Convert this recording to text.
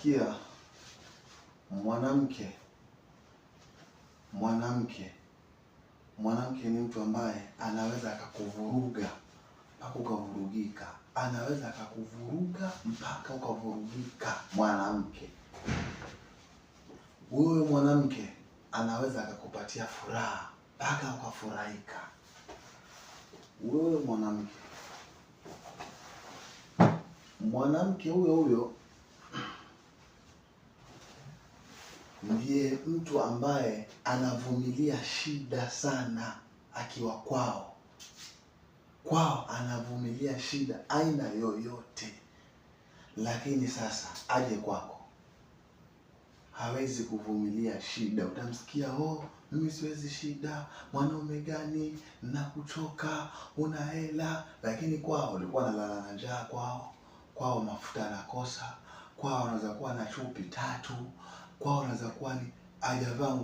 kusikia mwanamke, mwanamke. Mwanamke ni mtu ambaye anaweza akakuvuruga mpaka ukavurugika, anaweza akakuvuruga mpaka ukavurugika. Mwanamke wewe, mwanamke, anaweza akakupatia furaha mpaka ukafurahika. Wewe mwanamke, mwanamke huyo huyo ndiye mtu ambaye anavumilia shida sana akiwa kwao. Kwao anavumilia shida aina yoyote, lakini sasa aje kwako hawezi kuvumilia shida. Utamsikia, oh, mimi siwezi shida, mwanaume gani na kuchoka, una hela. Lakini kwao ulikuwa nalala na njaa, kwao kwao mafuta nakosa kwao anaweza kuwa na chupi tatu, kwao anaweza kuwa ni hajavaa